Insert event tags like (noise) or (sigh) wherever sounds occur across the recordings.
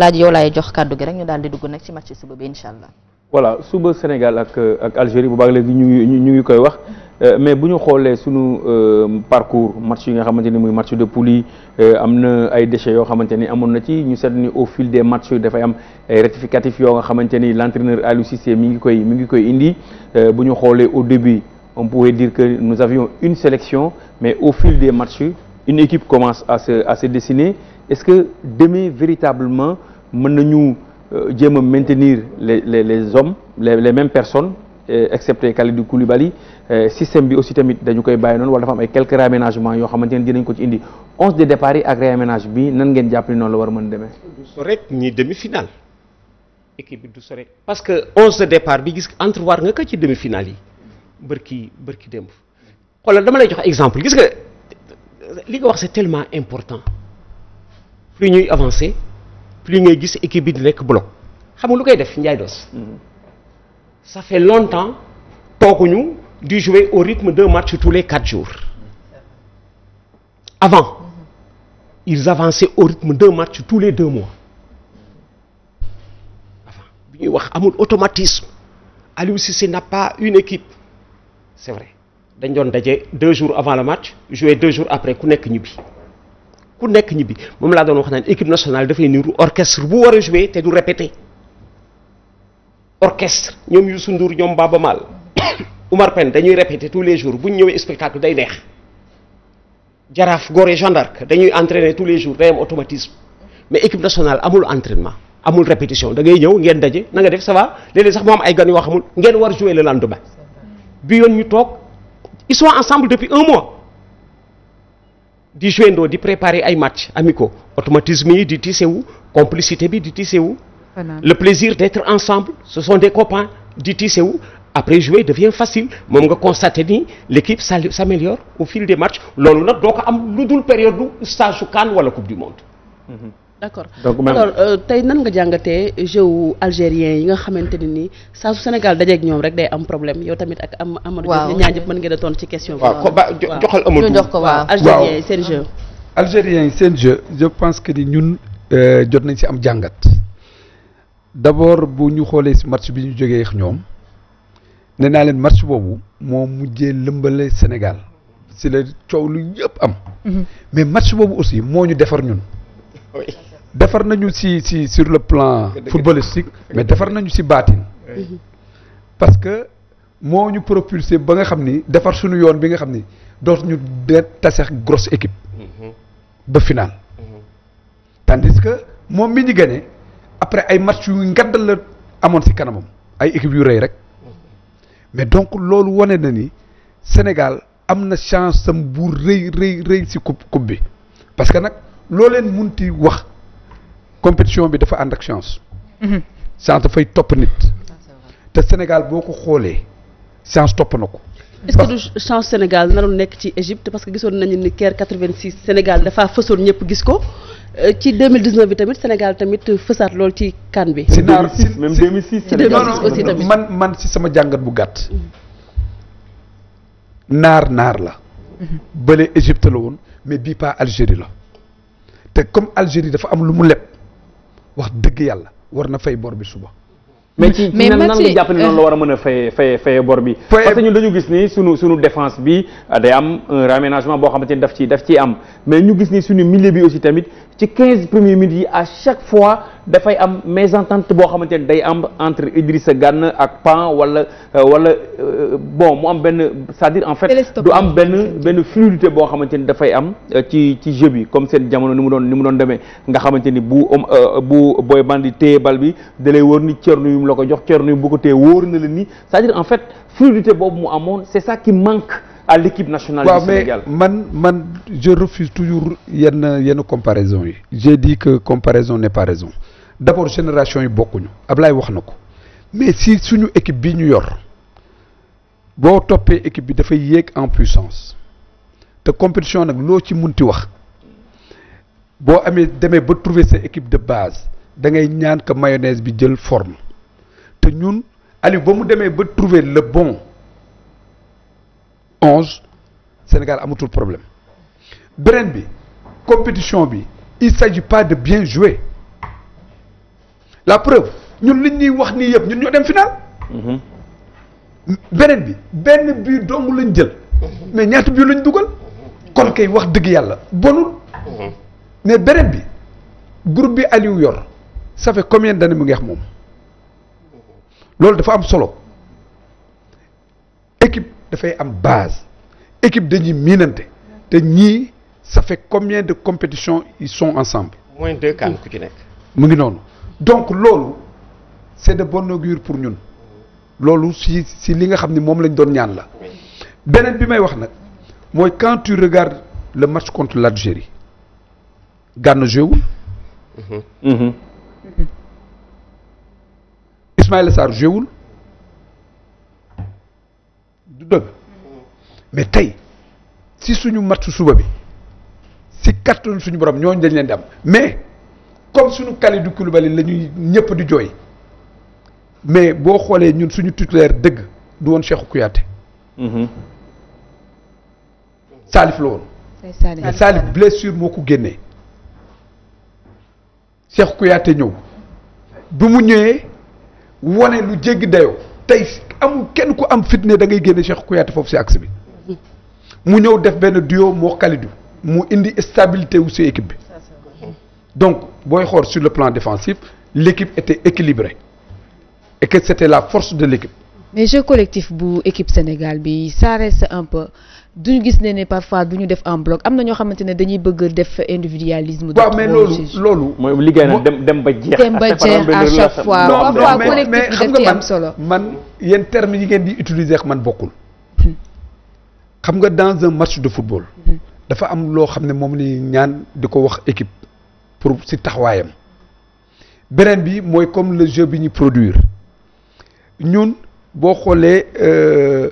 laaj yow laay jox kàddu gi rek ñu daal di dugg nag ci match suba bi incha allah. voilà suba Sénégal ak ak Algérie bu baax léegi ñu ngi ñu ngi koy wax euh, mais bu ñu xoolee sunu euh, parcours match yi nga xamante ni muy match de poule yi euh, am na ay déchets yoo xamante ni amoon na ci ñu seet ni au fil des yi dafay am ay rectificatifs yoo nga xamante ni l'entraîneur Aliou Cissé mi ngi koy mi ngi koy indi bu ñu xoolee au début on pouvait dire que nous avions une sélection mais au fil des matchs. une équipe commence à se à se dessiner est-ce que demain véritablement mën nañu euh, jéem a maintenir les les les hommes les les mêmes personnes euh, excepté Kalidou Koulibaly euh, système bi aussi tamit dañu koy bàyyi noonu wala dafa am ay quelques réaménagements yoo xamante ne dinañ ko ci indi onze de départ yi ak bi nan ngeen jàpp ni noonu la war mën demee. du sorek ñi demi-finale équipe bi du sorek parce que onze de départ bi gis entrevoir nga ko ci demi-finale yi bërki bërki démb xoolal dama lay jox exemple gis nga. lii nga wax c'est tellement important plus ñuy avancer plus ngay gis équipe bi di nekk bloc xam nga lu koy def Ndiaye Dos. Mm. ça fait longtemps tooguñu di jouer au rythme d'un match tous les quatre jours avant ils avançaient au rythme deux match tous les deux mois avant bi ñuy wax amul automatisme Aliou Cissé n'a pas une équipe dañu doon daje deux jours avant le match jouer deux jours après ku nekk ñibbi ku nekk ñibbi moom laa doon wax naan équipe nationale dafay niru orchestre bu war a te du répéter orchestre ñoom Youssou Ndour ñoom Baba Maal (coughs) Oumar Pène dañuy répéter tous les jours bu ñu ñëwee spectacle day neex jaraaf Gorée Jeanne d'Arc dañuy entraîner tous les jours day am automatisme mais équipe nationale amul entraînement amul répétition da ngay ñëw ngeen daje na nga def ça sax mu ay gan yoo xamul ngeen war jouer le lendemain bi ils sont ensemble depuis un mois di jouendoo di préparer ay match amicaux automatisme yi di tissé wu complicité bi di tissé wu le plaisir d'être ensemble ce sont des copains di tissé wu après jouer devient facile moom nga constater ni l'équipe s'améliore au fil des matchs loolu nag doo ko am lu dul période stage CAN wala coupe du monde mhm. d'accord donc alors euh, tey nan nga jàngatee jeu wu algérien yi nga xamante ne nii saa su Sénégal dajeeg ñoom rek day am problème yow tamit ak am Amadou Diop ñaar ñëpp mën ngeen a tontu ci question bi. waaw joxal Amadou ñu jox ko waaw algérien yi seen jeu. algérien yi je pense que ni ñun euh, jot nañ si am jàngat d'abord bu ñu xoolee si match bi ñu jógee ñoom nee naa leen match boobu moo mujjee lëmbale Sénégal si la coow lu yëpp am. Mm-hmm. mais match boobu aussi moo ñu defar ñun. defar nañu si si sur le plan footballistique mais defar nañu si baatin parce que moo ñu propulsé ba nga xam ni defar suñu yoon bi nga xam ni dootuñu de tasex grosse équipe mm-hmm. ba final mm-hmm. tandis que moom mi ñu gagné après ay match yu nga la amoon si kanamam ay équipe yu rëy rek mm-hmm. mais donc loolu wane na ni Sénégal am na chance sam buur rëy rëy rëy si coupe coupe bi parce que nag loo leen munti wax compétition bi dafa ànd ak chance. Mhm. chance dafay topp nit. te Sénégal boo ko xoolee chance topp na ko. est-ce que du chance Sénégal naroon nekk ci Égypte parce que gisoon nañu ni Caire 86 Sénégal dafa fësoon ñëpp gis ko euh, ci 2019 bi tamit Sénégal tamit fësaat lool ci kan bi. si naaw si même 2006 ci 2006 aussi tamit man man si sama jàngat bu gàtt. naar naar la. Mhm. bële Égypte la woon mais bii Algérie la te comme Algérie dafa am lu mu leb. wax dëgg yàlla war na fay bor bi suba. mais ci nan nan nga jàpp ne noonu la euh, war a mën a fay fay fay bor bi. parce que ñun dañu gis ni sunu sunu defence bi euh, day am un réaménagement boo xamante ni daf ci daf ciy am mais ñu gis ni sunu milieu bi aussi tamit ci quinze premières minutes yi à chaque fois dafay am mais mésentente boo xamante ne day am entre Idrissa gànn ak Pan wala euh, wala euh, bon mu am benn c'est-à-dire en fait du am benn benn fluidité boo xamante ni dafay am euh, ci ci jeu bi comme seen jamono ni mu doon ni mu doon demee nga xamante ni bu bu Boy Bandi téye bal bi da lay wóor ni Thierno mu la ko jox Thierno Youm bu ko téye wóor na la nii cest dire en fait fluidité boobu mu amoon c'est ça qui manque à l'équipe nationale ouais, du Sénégal waaw mais man man je refuse toujours yenn yenn comparaison yi. j'ai di que comparaison n'est pas raison d'abord génération yi bokkuñu Ablaye wax na ko mais si suñu équipe bi ñu yor boo toppee équipe bi dafay yéeg en puissance te compétition nag loo ci mun munti wax boo amee demee ba trouver sa équipe de base da ngay ñaan que mayonnaise bi jël forme te ñun Aliou ba mu demee ba trouver le bon. onze Sénégal amatul problème beneen bi compétition bi il s'agit pas de bien jouer la preuve ñun li ñuy wax nii yëpp ñun ñoo dem final. Mhm. beneen bi benn bi dong lañ jël. Mhm. mais ñaati bii lañ dugal. Mhm. kon kay wax dëgg yàlla bonul. mais beneen bi groupe bi Aliou yor ça fait combien d'années mu ngeex moom loolu dafa am solo. dafay am base équipe dañuy miinante te ñii ça fait combien de compétitions ils sont ensemble. moins kan ku ci nekk. mu ngi noonu donc loolu c'est de bon augure pour ñun loolu si si li nga xam ni moom lañ doon ñaan la beneen bi may wax nag mooy quand tu regardes le match contre l'Algérie Gana joué wul. Mhm. Mhm. Ismaïla Sarr joué wul. mais tey si suñu match suba bi si kattanu suñu borom ñooñu dañ leen di am mais comme suñu Kalidou Koulibaly la ñuy ñëpp di jooy mais boo xoolee ñun suñu titulaire dëgg du woon Cheikhou Kouyaté. Mhm. Salif la woon. mais blessure moo ko génnee. Cheikhou Kouyaté ñëw. bu mu ñëwee wone lu jéggi dayoo. tey amul kenn ku am fitne da ngay génne Cheikh Kouyaté foofu si axe bi mu ñëw def benn duo moo Kalidou mu indi stabilité wu si équipe bi donc booy xool sur le plan défensif l'équipe était équilibrée et que c'était la force de l'équipe mais jeu collectif bu équipe Sénégal bi ça reste un peu duñu gis ne ne parfois duñu def en bloc am na ñoo xamante ne dañuy bëgg def individualisme. waaw mais loolu loolu. mooy liggéey nag dem dem ba jeex. dem ba (laughs) jeex à chaque fois parfois collectif bi am solo man yéen termes yi ngeen utiliser man bokkul. nga dans un de football. Mm-hmm. dafa am loo xam ne moom la ñaan di ko wax équipe pour si taxawaayam beneen bi mooy comme le jeu bi ñu produire ñun boo xoolee. Euh,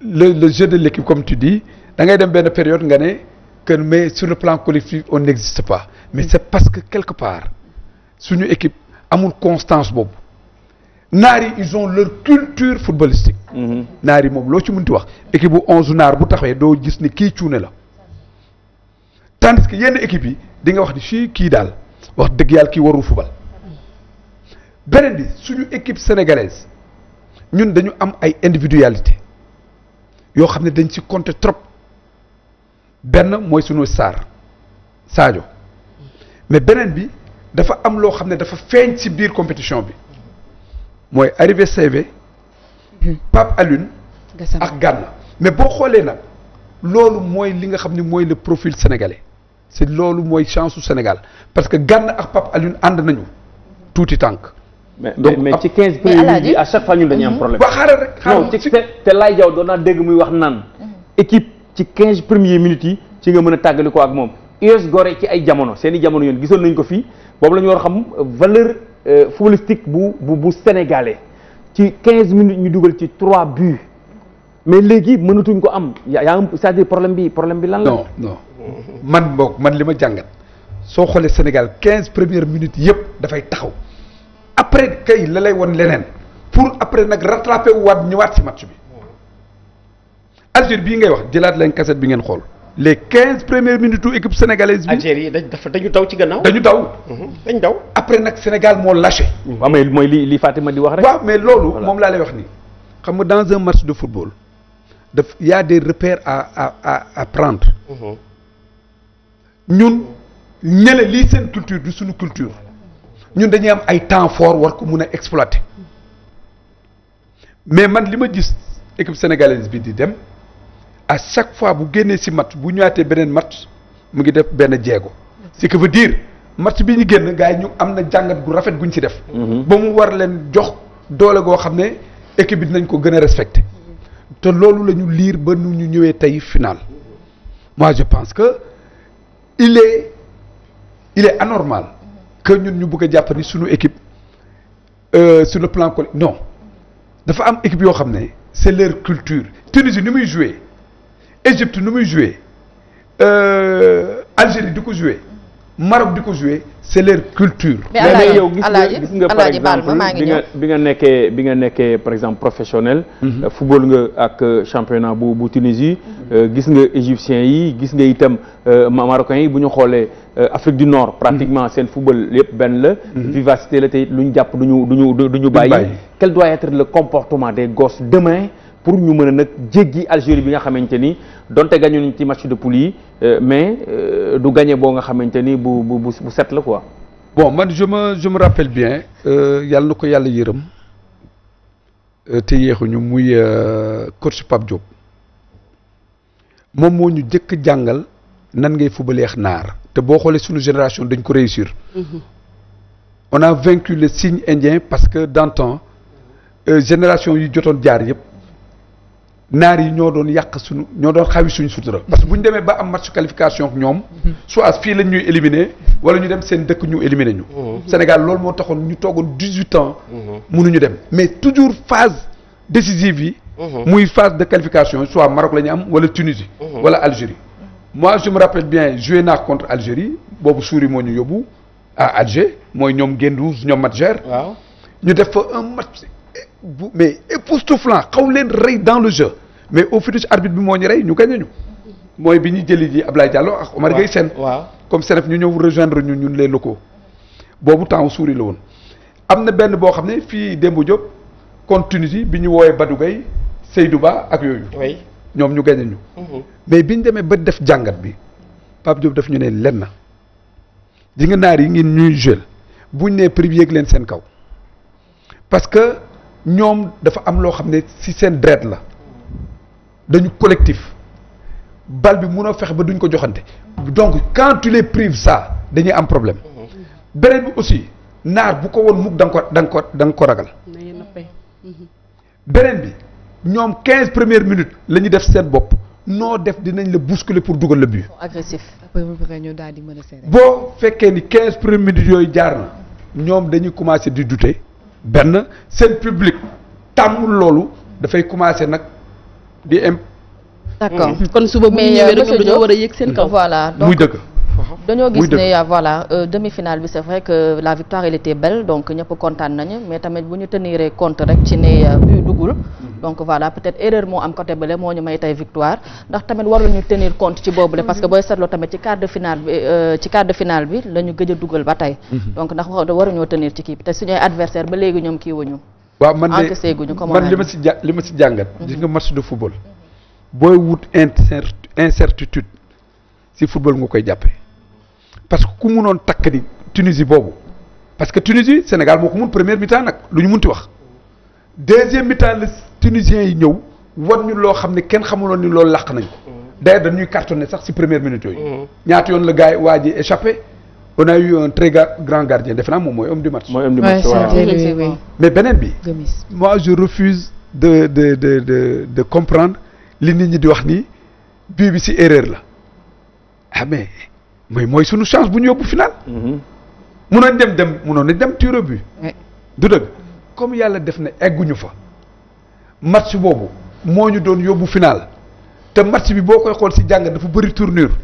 le le jeu de l'équipe comme tu dis da ngay dem benn période nga ne que mais sur le plan collectif on n'existe pas mais mm. c'est parce que quelque part suñu équipe amul constance boobu naar yi ils ont leur culture footballistique mm-hmm. naar yi moom loo ci mënti wax équipe bu onze naar bu taxawee doo gis ni kii cuune la tandis que yenn équipe yi di nga wax ni fii kii daal wax dëgg yàlla kii warul football beneen bi suñu équipe sénégalaise ñun dañu am ay individualité yoo xam ne dañ si compter trop benn mooy sunu Sarr Sadio mais beneen bi dafa am loo xam ne dafa feeñ si biir compétition bi mooy arrivé CV Pape Alioune ak gànn mais boo xoolee nag loolu mooy li nga xam ni mooy le profile sénégalais c'est loolu mooy chance Sénégal parce que gànn ak Pape Alioune ànd nañu tuuti tànk mais donc mais ah, ci 15 premiers bi à chaque fois ñun dañuy am mmh. problème. waaw xaaral rek xaaral non ci te Laye Diaw doon naa dégg muy wax naan. Mmh. équipe ci quinze premiers minutes yi ci nga mën a tàggali ko ak moom US Gorée ci ay jamono seeni jamono yoon gisoon nañ ko fii boobu lañu war a xam valeur euh, footballistique bu bu bu sénégalais ci 15 minutes ñu dugal ci 3 buts mais léegi mënatuñ ko am yaa am cest à problème bi problème bi lan la. non man boog man li ma jàngat soo xoolee Sénégal 15 premières minutes yëpp dafay taxaw. après kay la lay woon leneen pour après nag rattrapé wu waat ñëwaat si match bi Algérie bii ngay wax jëlaat leen cassette bi ngeen xool les quinze premières minutes u équipe sénégalaise bi. Algérie dañu daw ci gannaaw. dañu daw. Mhm, dañu après nag Sénégal moo lâché. waaw mais mooy li li Fatima di wax rek. waaw mais loolu moom laa lay wax nii. xam nga dans un match de football daf y a des à à à à prendre. Mhm. ñun ñële lii seen culture du suñu culture. ñun dañuy am ay temps fort war ko mun a exploité mais man li ma gis équipe sénégalaise bi di dem à chaque fois bu génnee si matt bu ñëwaatee beneen match mu ngi def benn jéego ce qui veut dire match bi ñu génn gars yi ñu am na jàngat gu rafet guñ si def. Mhm. ba mu war leen jox doole goo xam ne équipe bi dinañ ko gën a respecté te loolu lañu liir ba nu ñu ñëwee tey final mois je pense que il est il anormal. que ñun ñu bëgg a jàpp ni suñu équipe euh, sur le plan collectif non dafa am équipe yoo xam ne c'est leur culture Tunisie ni muy jouer Égypte ni muy jouer euh, Algérie di ko jouer Maroc di ko jouer c'est leur culture. mais Alaaji yow gis nga par exemple bi nga bi nga nekkee bi nga nekkee par exemple professionnel. Mhm. Euh, football nga ak euh, championnat bu bu Tunisie. Euh, gis nga égyptiens yi gis nga itam marocains yi bu ñu xoolee Afrique du Nord. pratiquement mhm. seen football yëpp benn la. Mhm. vivacité la te lu ñu jàpp du ñu ñu du ñu bàyyi. quel doit être le comportement des gosses demain. pour ñu mën a nag jéggi Algérie bi nga xamante ni donte gañu nañ ci match de poule yi euh, mais euh, du gagné boo nga xamante ni bu bu set la quoi. bon man je me je bien euh, yàlla na ko yàlla yërëm te ñu muy coach Pape Diop moom moo ñu jëkk jàngal nan ngay leex naar te boo xoolee suñu génération dañ ko réussir. Mm-hmm. on a vaincu le signe indien parce que dans temps euh, génération yi jotoon jaar yëpp. naar yi ñoo doon yàq suñu ñoo doon xawi suñu sutura parce que bu ñu demee ba am match qualification ak ñoom soit fii lañ ñuy éliminer wala ñu dem seen dëkk ñu éliminer ñu mhm. Sénégal loolu moo taxoon ñu toogoon dix-huit ans mhm. ñu dem mais toujours phase décisive yi mhm. muy phase de qualification soit Maroc lañu am wala Tunisie wala Algérie moi je me rappelle bien joué naa contre Algérie boobu suuri moo ñu yóbbu à Alger mooy ñoom Gendouzi ñoom Madjer waaw ñu def fa un match bu mais époustouflant xaw leen rey dans le jeu mais au finish arbitre bi moo ñu rey ñu gagné ñu. mooy bi ñuy jëli ji Ablaye Diallo ak Omar Gueye seen waaw comme Senef ñu ñëw rejoindre ñu ñun les ko boobu temps suuri la woon am na benn boo xam ne fii Demba Diop contre Tunisie bi ñu woowee Badou Gueye Seydou Ba ak yooyu ñoom ñu gagné ñu mhm. mais bi ñu demee ba def jàngat bi Pape Diop daf ñu ne lenn na di nga naar yi ngeen ñuy jël buñ ne privier leen seen kaw ñoom dafa am loo xam ne ci seen deret la dañu collectif bal bi munoo fexe ba duñ ko joxante donc quand tu les dañuy am problème mm-hmm. beneen bi aussi naar bu ko woon mukk da nga ko da nga ko da ko ragal mm-hmm. beneen bi ñoom quinze première minutes la ñu def seen bopp noo def dinañ la bousculer pour dugal le but agressif boo fekkee ni quinze premières minutes yooyu jaar na ñoom dañuy commencer di douter benn seen public tàmmul loolu dafay commencer nag di imp. d'accord mm-hmm. kon suba bu ñu ñëwee rek euh, dañoo war a yëg seen kaw. voilà donc muy dañoo gis ne euh, voilà euh, demi final bi c'est vrai que la victoire elle belle donc ñëpp kontaan nañu mais tamit bu ñu tenir compte rek ci ne euh, bu duggul. donc voilà peut-être erreur moo am côté bële moo ñu may tey victoire ndax tamit waruñu tenir compte ci boobule parce que booy seetloo tamit ci quart de finale bi euh, ci quart a dugal ba tey mhm. donc ndax waruñoo tenir ci kii bi te suñuy adversaire ba léegi ñoom kii wuñu waaw man de man li ma si ja li ma si jàngat mhm. gis nga match football booy wut incertitude si football nga koy jàppe parce que ku munoon takk ni Tunisie boobu parce que Tunisie Sénégal moo ko mun première mi-temps nag lu wax deuxième mi-temps la tunisien yi ñëw wan ñu loo xam ne kenn xamuloon ni loolu làq nañ ko mm. d'ailleurs dañuy cartonné sax si première minute yooyu mm. ñaata yoon la gars yi waa ji échappé on a eu un naa moom mooy homme du match mais beneen bi moi je refuse de de de de de comprendre li nit ñi di wax nii bii bi si erreur la ah mais mooy mooy suñu chance bu ñu yóbbu final mm-hmm. munoon dem dem munoon nañ dem tir bi but du dëgg comme yàlla def na egguñu fa match boobu moo ñu doon yóbbu finaal te match bi boo koy xool si jàng dafa bëri tournure.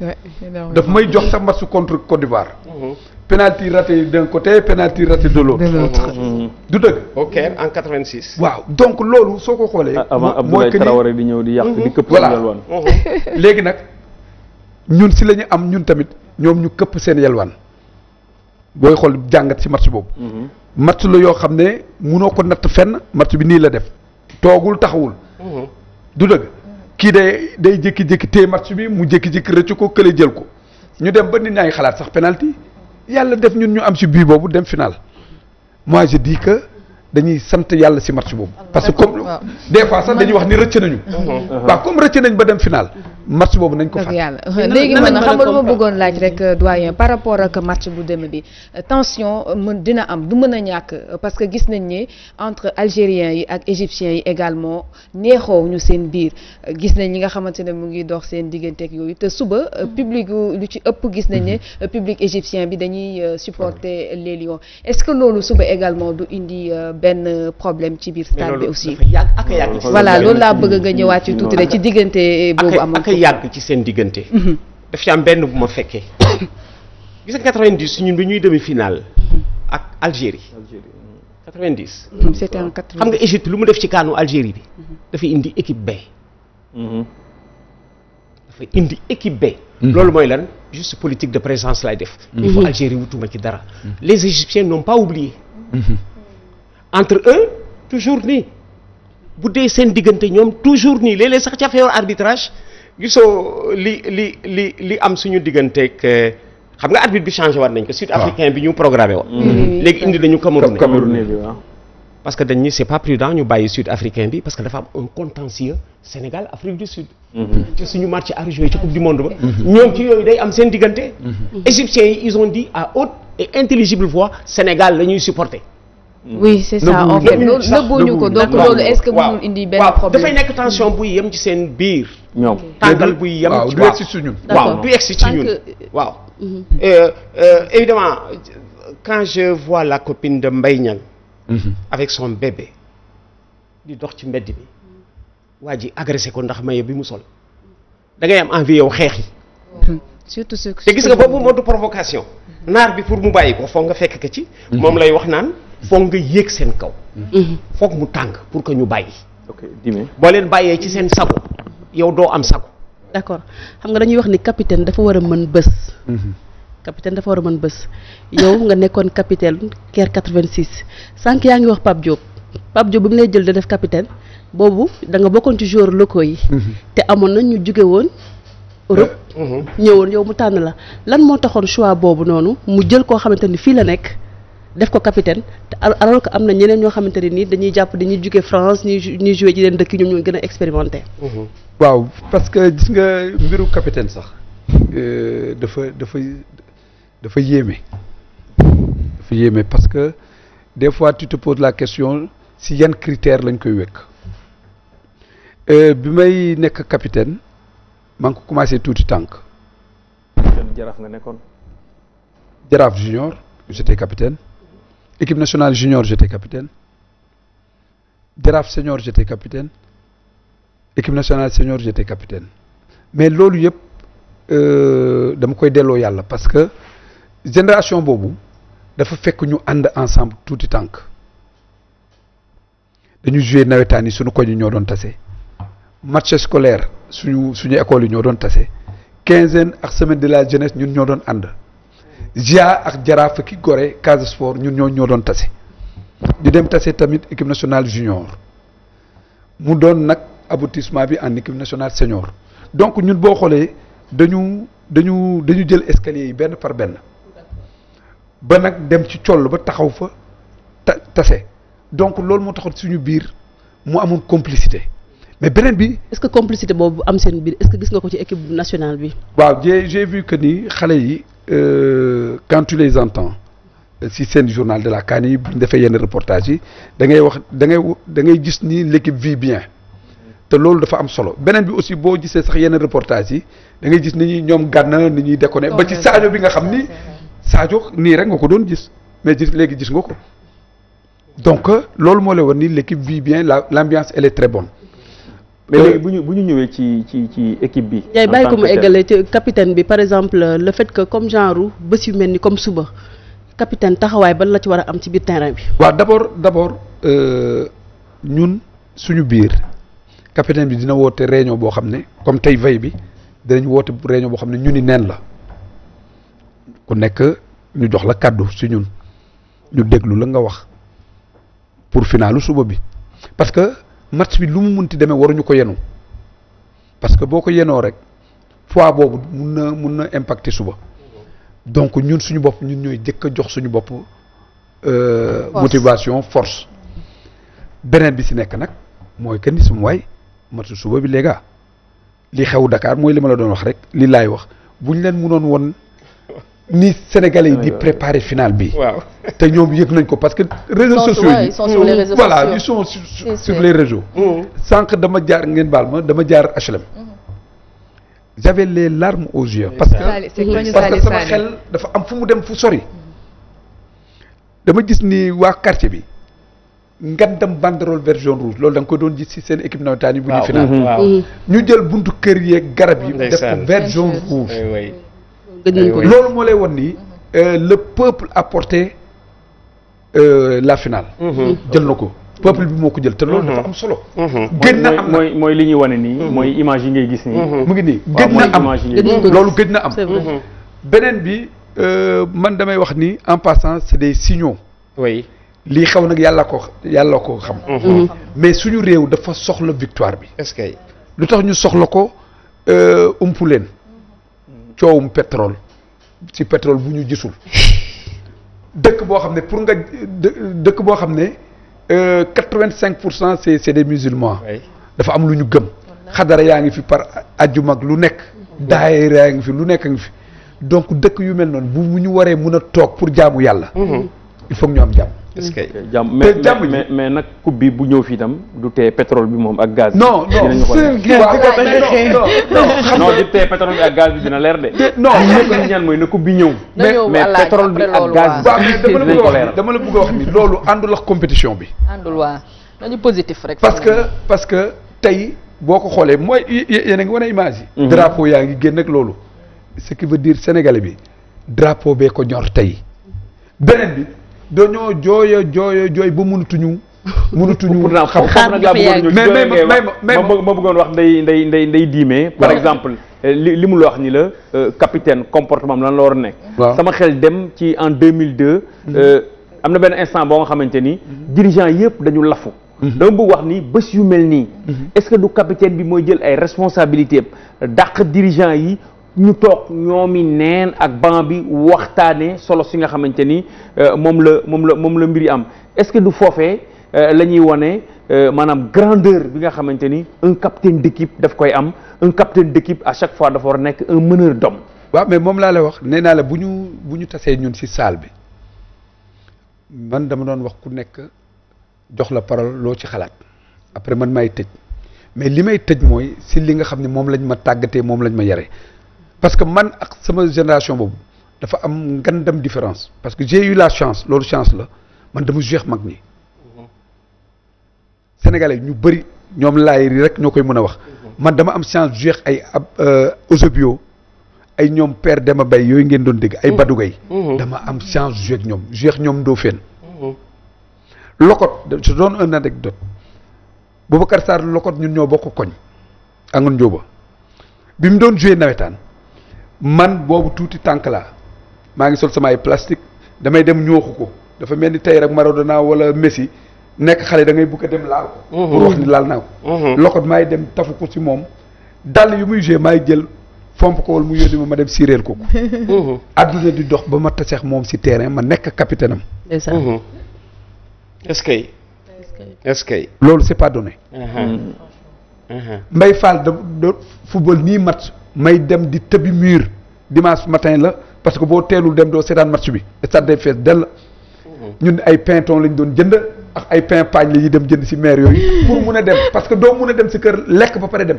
daf may jox sa match contre Côte d'Ivoire. Mhm. penalty raté d'un côté penalty raté de l'autre. Mhm, mhm, du dëgg. ok en 86. waaw donc loolu soo ko xoolee. Ah, avant Abdoulaye Traoré di ñëw di yàq di këpp. voilà léegi nag ñun si lañu am ñun tamit ñoom ñu këpp seen yelwaan booy xool jàngat ci match boobu. Mhm. match la yoo xam ne munoo ko natt fenn match bi nii la def toogul taxawul. Mhm. du dëgg kii day day jëkki jékki téye match bi mu jékki-jékki rëcc ko kële jël ko ñu dem ba nit ñaa ngi xalaat sax penalty yàlla def ñun ñu am ci biir boobu dem final moi je dis dañuy sant yàlla ci match boobu. parce que comme des fois sax dañuy wax ni rëcc nañu. Mhm. waaw comme rëcc nañ ba dem finaal match boobu nañ ko fàtte. yàlla léegi man xam nga ma bëggoon laaj rek euh, doyen par rapport ak match bu dem bi tension euh, mën dina am du mën a ñàkk euh, parce que gis nañ ne entre algériens yi ak égyptiens yi également neexoo ñu seen biir gis nañ ñi nga xamante ne mu ngi dox seen digganteeg yooyu te suba mm-hmm. public lu ci ëpp gis nañ ne mm-hmm. public égyptien bi dañuy supporter les lions est-ce que loolu suba également du indi benn problème ci biir stade bi laa bëgg nga ñëwaat ci tuuti rek ci diggante boobu amoon. a yàgg ci seen diggante. Mhm. daf ci am benn bu ma fekkee. (coughs) gis nga 90 ñun bi ñuy demi finale ak Algérie. Algérie 90. Mhm, c'était en 90 xam nga Égypte lu mu def ci kaanu Algérie bi. Mhm. dafa indi équipe B. dafa indi équipe B. loolu mooy lan juste politique de présence lay def. il faut Algérie wutuma ci dara. les Égyptiens n'ont pas oublié. entre eux toujours nii bu dee seen diggante ñoom toujours nii léeg-léeg sax ca feewu arbitrage. gisoo li li li li am suñu digganteeg euh, xam nga arbitre bi changé waat nañ ko. sud africain bi ñu programmé woon. Mm-hmm. Mm-hmm. léegi indi nañu Cameroun. Cameroun bi waaw. parce que dañ ni c'est pas prudent ñu bàyyi sud africain bi parce que dafa am un contentieux Sénégal Afrique du Sud. ci mm-hmm. suñu match à rejouer ci coupe du monde ba. ñoom ci yooyu day am seen diggante. égyptiens yi ils ont dit à haute et intelligible voix Sénégal la ñuy supporter. Mm. oui c'est ça en loolu nëbbuñu ko donc loolu est-ce que mënul indi benn problème dafay buy yem ci seen biir. ñoom tàngal buy yem ci du egsi ci ñun. Mhm. Euh, euh, la copine de Mbaye Niang. Mhm. avec son ci mbedd waa ji agressé ko ndax maye bi mu sol. da ngay am envie xeex yi. Mhm. surtout te gis nga boobu moo du provocation. naar bi pour mu bàyyi ko foog nga fekk ko ci. moom lay wax naan. foog nga yéeg seen kaw. Mhm. foog mu tàng pour ko ñu bàyyi. boo leen bàyyee ci seen sago yow doo am sago. d'accord xam nga dañuy wax ni capitaine dafa war a mën bës mhm. capitaine dafa war a mën bés yow nga nekkoon capitaine Caire 86 sànq yaa ngi wax Pape Diop Pape Diop bi mu lay jël da def capitaine boobu da nga bokkoon ci joueurs locaux yi. Mhm. te amoon na ñu jóge woon. Europe. Eh, ñëwoon yow mu tànn la lan moo taxoon choix boobu noonu mu jël koo xamante ni fii la nekk. def ko capitaine te alors que am na ñeneen ñoo xamante ne nii dañuy jàpp dañuy jóge France ñuy ju ñuy joué ji leen dëkk ñoom ñoo gën mhm. waaw parce que gis nga mbiru capitaine sax euh, dafa dafa dafa yéeme dafa yéeme parce que des fois tu te la question si yan critère lañ koy wekk euh, bi may nekk capitaine maa ngi ko commencé tuuti tànk. jaraaf nga nekkoon. jaraaf junior j'étais capitaine. équipe nationale junior j'étais capitaine Jaraaf senior j'étais capitaine équipe nationale senior j'étais capitaine mais loolu yëpp euh, dama koy delloo yàlla parce que génération boobu dafa fekk ñu ànd ensemble tuuti tànk dañu joué nawetaan yi suñu koñ yi ñoo doon tase match scolaire suñu suñu école yi ñoo doon tase quinzaine ak semaine de la jeunesse ñun ñoo doon ànd GIA ak Jaraaf ki Gorée Casa Sport ñun ñoo ñoo doon tase di dem tase tamit équipe nationale junior mu doon nag aboutissement bi en équipe nationale senior donc ñun boo xoolee dañu dañu dañu jël escalier yi benn par benn ba nag dem ci coll ba taxaw fa ta tase donc loolu moo taxoon suñu biir mu amoon complicité mais beneen bi. est-ce que complicité boobu am seen biir est que gis nga ko ci équipe nationale bi. waaw j'ai j'ai vu que nii xale yi. Euh, quand tu les entends euh, si seen journal de la CAN yi bu ñu defee yenn reportage yi da ngay wax dangay dangay gis ni l'équipe vie bien te loolu dafa am solo beneen bi aussi boo gisee sax yenn reportage yi da ngay gis ni ñuy ñoom gànna ni ñuy déconné ba ci Sadio bi nga xam ni Sadio nii rek nga ko doon gis mais gis léegi gis nga ko donc euh, loolu moo lay war ni l'équipe vit bien la l'ambiance elle est très bonne mais euh, léegi bu ñu bu ñu ñëwee ci ci ci équipe bi. Ndiaye bàyyi ko mu eggale ci capitaine bi par exemple le fait que comme genre bés yu mel ni comme suba capitaine taxawaay ban la ci war a am ci biir terrain bi. waa d' abord d' abord euh, ñun suñu biir capitaine bi dina woote réunion boo xam ne comme tey veille bi dinañ woote réunion boo xam ne ñu ni neen la ku nekk ñu jox la kàddu si ñun ñu déglu la nga wax pour finalu suba bi parce que. match bi lu mu munti demee waruñu ko yenu parce que boo ko yenoo rek fois boobu mun na mun na impacter suba donc ñun suñu bopp ñun ñooy jëkk a jox suñu bopp euh, motivation force beneen bi si nekk nag mooy que ni suñu waay match suba bi léegi li xew Dakar mooy li ma la doon wax rek li laay wax buñ leen munoon woon ni Sénégalais yi di préparer finale bi. waaw te ñoom yëg nañ ko parce que. réseaux sociaux yi ils sont sur les réseaux voilà mmh. sànq dama jaar ngeen baal ma dama jaar HLM. Mmh. j'avais les larmes aux yeux. parce que parce que sama xel dafa am fu mu dem fu sori. dama gis ni waa quartier bi. ngandam banderole vert jaune rouge loolu da nga ko doon gis ci seen équipe nawetaan yi bu ñu final mmh, ñu jël buntu kër yeeg garab yi. def ko vert rouge. Eh loolu moo lay won nii euh, le peuple a porté euh, la finale mm-hmm. jël na ko mm-hmm. peuple bi moo ko jël te loolu dafa mm-hmm. am solo gën na am mooy mooy li ñuy wane nii mooy image yi ngay gis nii mu ngi nii gën na am loolu gën na am beneen bi euh, man damay wax ni en passant c'est des signaux oui lii xaw nag yàlla ko yàlla ko xam mais suñu réew dafa soxla victoire bi est-ce que lu tax ñu soxla ko euh, umpu leen coowum pétrole ci pétrole bu ñu gisul dëkk boo xam ne pour nga dëkk boo xam ne euh, quatre-vingt-cinq pour cent c'est c'est des musulmans dafa am lu ñu gëm xadara yaa ngi fi par ajjuma ak lu nekk daayira yaa ngi fi lu nekk a ngi fi donc dëkk yu mel noonu bu ñu waree mun a toog pour jaamu yàlla mm-hmm. il faut ñu am jàmm est-ce que jàmm mais mais mais nag coupe bi bu ñëw fii itam du tee pétrole bi moom ak gaz. non non non du tee pétrole bi ak gaz bi dina leer de. non li ñu ñaan mooy na coupe bi ñëw. mais pétrole bi ak gaz bi dinañ ko leer dama la bëgg a wax ni loolu àndul ak compétition bi. àndul waa dañu positif rek. parce que parce que tey boo ko xoolee mooy yéen a ngi wane image yi. Mhm. drapeau yaa ngi génn ak loolu. ce qui veut dire sénégalais bi drapeau bee ko ñor tey beneen bi. dañoo jooy a jooy a jooy ba mënatuñu. (laughs) mënatuñu xam xam naa mais mais mais mais ma bëggoon wax nday nday nday nday diime par exemple eh, li li mu la wax ni la euh, capitaine comportement am lan la war a nekk. sama xel dem ci en 2002. Mhm. Euh, am na benn instant boo nga xamante ni. Mhm. dirigeant yëpp dañu lafu. Mhm. dama bëgg wax nii bés yu mel nii. est-ce que du capitaine bi mooy jël ay responsabilités daq dirigeant yi. ñu toog ñoomi neen ak ban bi waxtaanee solo si nga xamante ni euh, moom la moom la moom la mbir am est-ce que du foofee euh, la ñuy wane euh, maanaam grandeur bi nga xamante ni un capitaine d'équipe daf koy am un capitaine d'équipe à chaque fois dafa war a nekk un meneur d'homme waaw mais moom laa la wax nee naa la bu ñu bu ñu tasee ñun ci salle bi man dama doon wax ku nekk jox la parole loo ci xalaat après man may tëj mais li may tëj mooy si li nga xam ne moom lañ ma tàggatee moom lañ ma yare parce que man ak sama génération boobu dafa am dem différence parce que j'ai eu la chance loolu chance la man dama jeex mag ñi sénégalais ñu bëri ñoom laay rek ñoo koy mën a wax man dama am chance jeex ay ab euh, Eusebio ay ñoom père Demba Bay yooyu ngeen doon dégg ay mm-hmm. badugay mm-hmm. dama am chance jeex ñoom jeex ñoom doo fen lokot je donne un anecdote Boubacar Sarr lokot ñun ñoo bokk koñ angon njóoba bi mu doon joué nawetaan man boobu tuuti tànk laa maa ngi sol sama ay damay dem ñooxu ko dafa mel ni tey rek Maradona walla Messi nekk xale dangay ngay a dem laal ko. Mhm. pour wax ni laal naa ko. Mhm. lokot maay dem tafu ko ci moom dal yu muy joué maay jël fomp ko wala mu yónni ma ma dem siréel ko. Mhm. adduna (laughs) di dox ba ma taseex moom si terrain ma nekk capitaine am. est-ce loolu c'est pas donné. Uh-huh. Mm. Uh-huh. Mbaye da football nii match may dem di tëbi mur dimanche matin la parce que boo teelul dem doo seetaan match bi stade day fees dell ñun ay pinton lañ doon jënd ak ay pain paañ la ñuy dem jënd si maire yooyu pour mun a dem parce que doo mun a dem si kër lekk ba pare dem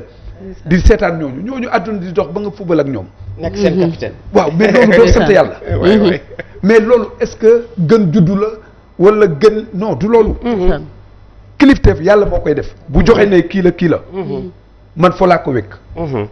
di seetaan ñooñu ñooñu àdduna di dox ba nga fubal ak ñoom nekk seen capitaine waaw mais loolu doo sant yàlla (laughs) mais loolu est-ce que gën juddu la walla gën non du loolu mm-hmm. kilifteef yàlla moo koy def bu joxee ne kii la kii la mm-hmm. man fa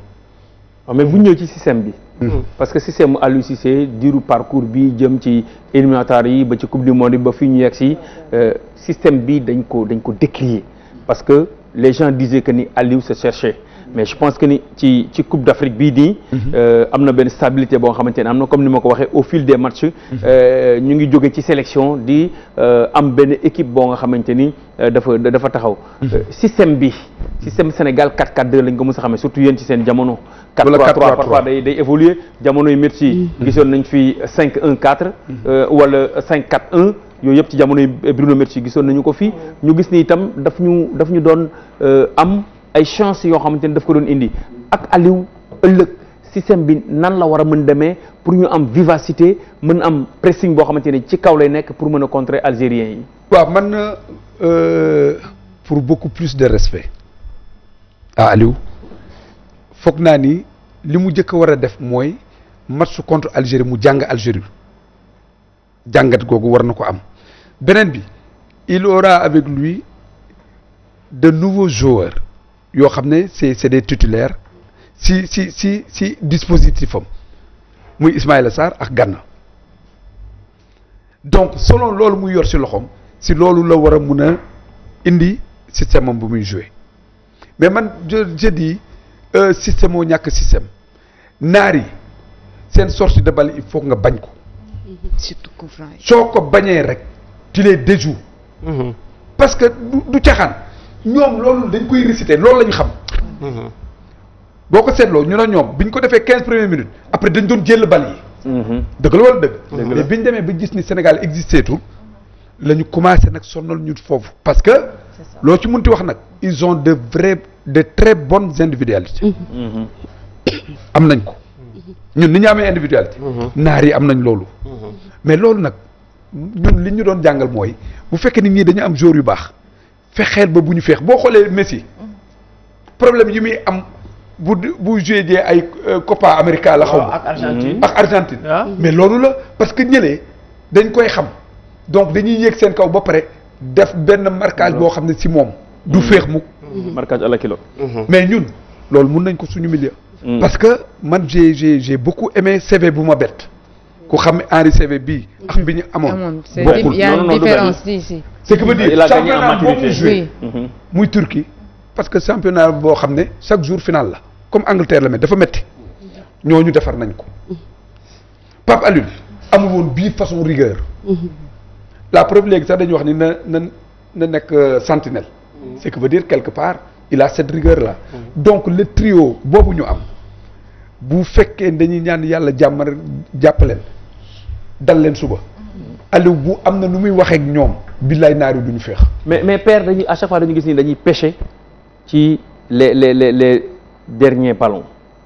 waaw ah, bu ñëw ci système bi. Hmm. Hmm. parce que système mu Aliou Cissé diiru parcours bi jëm ci éliminatoire yi ba ci coupe du monde yi ba fi ñu yegg si euh, système bi dañ ko dañ ko décrier parce que les gens disaient que ni Aliou se cherchait. mais je pense que ni ci ci Coupe d'Afrique bii nii. Mhm. Euh, am na benn stabilité boo xamante ne am na comme ni ma ko waxee au fil des matchs. Mhm. Euh, ñu ngi jóge ci sélection di euh, am benn équipe boo nga xamante ni dafa dafa taxaw. Mhm. système bi sistème Sénégal 4-4-2 lañ ko mës a xamee surtout yéen ci seen jamono. 4 3 day évoluer jamono yu métti gisoon nañ fi 5-1-4. wala 5 4 yooyu yëpp ci jamonoy Bruno Metsu gisoon nañu ko fii oh. ñu gis ni itam daf ñu daf ñu doon am. ay chance yoo xamante ni daf ko doon indi ak Aliou ëllëg système bi nan la war a mën demee pour ñu am vivacité mën am pressing boo xamante ni ci kaw lay nekk pour mën a contrer algériens yi. waaw man euh, pour beaucoup plus de respect à Aliou foog naa ni li mu njëkk a war a def mooy match contre Algérie mu jàng Algérie jàngat googu war na ko am beneen bi il aura avec lui de nouveaux joueurs. yoo xam ne c'est c'est des titulaires si si si si dispositif am muy Ismaïla Sarr ak Gana donc solo loolu muy yor si loxoom si loolu la war a mun a indi système am bu muy jouer mais man je je dis euh, système moo ñàkk système naar yi seen sortie de balle il faut nga bañ ko. surtout soo ko bañee rek tu les déjoues. Mm-hmm. parce que du du caxaan. ñoom loolu dañ koy réciter loolu la ñu xam. Mm-hmm. boo ko seetloo ñu ne ñoom bi ñu ko defee quinze premières minutes après dañ doon jël bal yi. Mm-hmm. dëgg la wala dëgg. mais bi ñu demee ba gis ni Sénégal existé tout la ñu commencé nag sonnal ñu foofu parce que. loo ci munti wax nag ils ont de vrais de très bonnes individualités. Mm-hmm. (coughs) am nañ ko. ñun ni ñu amee individualité. naar yi am nañ loolu. mais loolu nag li ñu doon jàngal mooy bu fekkee nit ñi dañu am jour yu baax. fexeel ba bu ñu feex boo xoolee Messi mm. problème yi muy am bu bu joué jee ay euh, Copa América la xaw ma ah, ak Argentine mm. ak Argentine ah. mais loolu la parce que ñëlee dañ koy xam donc dañuy yéeg seen kaw ba pare def benn marquage boo xam ne si moom du mm. féex mukk marquage à la kilo mm-hmm. mais ñun loolu mun nañ ko suñu milieu parce que man j'ai j'ai j'ai beaucoup aimé CV bu ma bett ku xam enrichissé bii. ak mhm. bi ñu amoon bokkul non non différence ici. ce qui veut dire championnat boobu joué mhm. muy la comme Angleterre la mel dafa metti ñooñu defar nañ ko Pape Alioune amul woon bii mhm. la preuve léegi sax dañuy wax ni euh, a ñu am bu fekkee dañuy ñaan yàlla jàmm jàppaleen dal leen suba Aliou bu am na lu muy waxee ak ñoom billaay naaru yi duñu féex mais mais père dañuy à chaque fois dañu gis ni dañuy pêcher ci les les les les derniers ballons